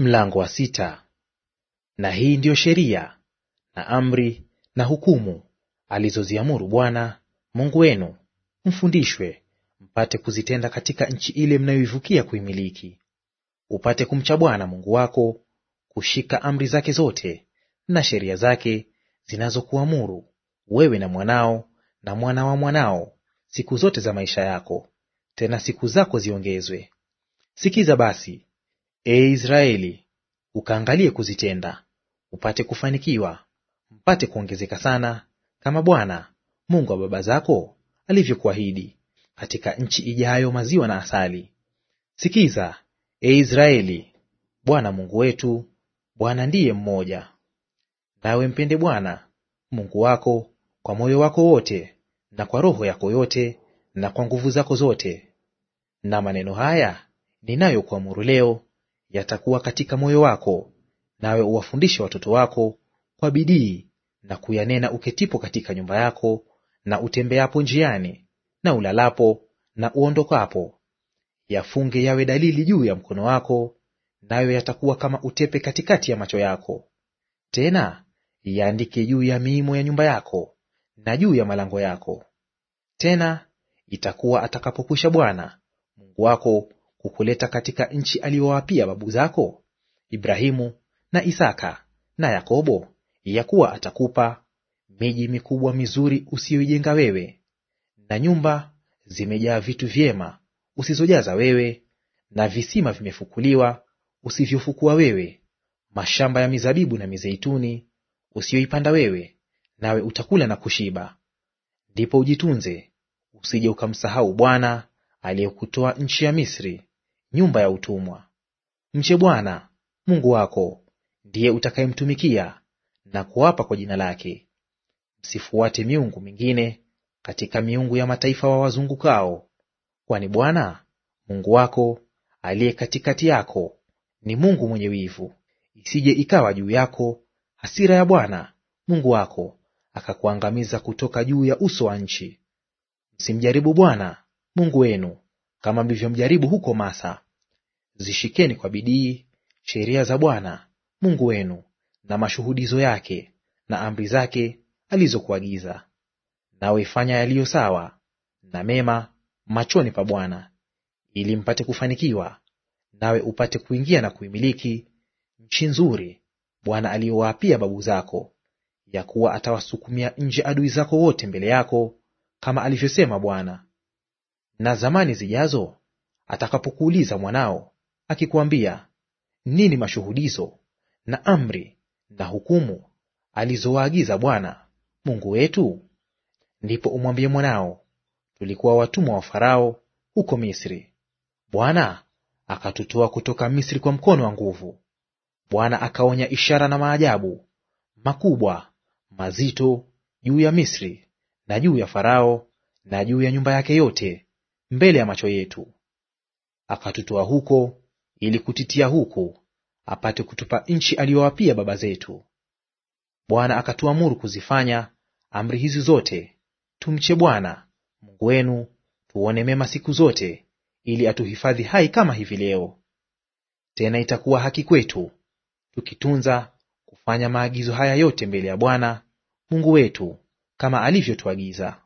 Mlango wa sita. Na hii ndiyo sheria na amri na hukumu alizoziamuru Bwana Mungu wenu, mfundishwe, mpate kuzitenda katika nchi ile mnayoivukia kuimiliki, upate kumcha Bwana Mungu wako, kushika amri zake zote na sheria zake zinazokuamuru wewe na mwanao na mwana wa mwanao siku zote za maisha yako, tena siku zako ziongezwe. Sikiza basi e Israeli, ukaangalie kuzitenda, upate kufanikiwa, mpate kuongezeka sana, kama Bwana Mungu wa baba zako alivyokuahidi, katika nchi ijayo maziwa na asali. Sikiza, e Israeli, Bwana Mungu wetu, Bwana ndiye mmoja. Nawe mpende Bwana Mungu wako kwa moyo wako wote na kwa roho yako yote na kwa nguvu zako zote. Na maneno haya ninayokuamuru leo yatakuwa katika moyo wako, nawe uwafundishe watoto wako kwa bidii na kuyanena uketipo katika nyumba yako, na utembeapo njiani, na ulalapo, na uondokapo. Yafunge yawe dalili juu ya mkono wako, nayo yatakuwa kama utepe katikati ya macho yako. Tena yaandike juu ya miimo ya nyumba yako na juu ya malango yako. Tena itakuwa atakapokwisha Bwana Mungu wako kukuleta katika nchi aliyowapia babu zako Ibrahimu na Isaka na Yakobo, ya kuwa atakupa miji mikubwa mizuri usiyoijenga wewe, na nyumba zimejaa vitu vyema usizojaza wewe, na visima vimefukuliwa usivyofukua wewe, mashamba ya mizabibu na mizeituni usiyoipanda wewe, nawe utakula na kushiba. Ndipo ujitunze usije ukamsahau Bwana aliyekutoa nchi ya Misri nyumba ya utumwa. Mche Bwana Mungu wako, ndiye utakayemtumikia na kuapa kwa jina lake. Msifuate miungu mingine katika miungu ya mataifa wa wazungukao, kwani Bwana Mungu wako aliye katikati yako ni Mungu mwenye wivu. Isije ikawa juu yako hasira ya Bwana Mungu wako akakuangamiza kutoka juu ya uso wa nchi. Msimjaribu Bwana Mungu wenu, kama mlivyomjaribu huko Masa. Zishikeni kwa bidii sheria za Bwana Mungu wenu na mashuhudizo yake na amri zake alizokuagiza. Nawe fanya yaliyo sawa na mema machoni pa Bwana, ili mpate kufanikiwa, nawe upate kuingia na kuimiliki nchi nzuri Bwana aliyowaapia babu zako, ya kuwa atawasukumia nje adui zako wote mbele yako, kama alivyosema Bwana. Na zamani zijazo atakapokuuliza mwanao akikuambia, nini mashuhudizo na amri na hukumu alizowaagiza Bwana Mungu wetu? Ndipo umwambie mwanao, tulikuwa watumwa wa Farao huko Misri. Bwana akatutoa kutoka Misri kwa mkono wa nguvu. Bwana akaonya ishara na maajabu makubwa mazito juu ya Misri na juu ya Farao na juu ya nyumba yake yote mbele ya macho yetu. Akatutoa huko ili kutitia huko, apate kutupa nchi aliyowapia baba zetu. Bwana akatuamuru kuzifanya amri hizi zote, tumche Bwana Mungu wenu, tuone mema siku zote, ili atuhifadhi hai kama hivi leo. Tena itakuwa haki kwetu tukitunza kufanya maagizo haya yote mbele ya Bwana Mungu wetu, kama alivyotuagiza.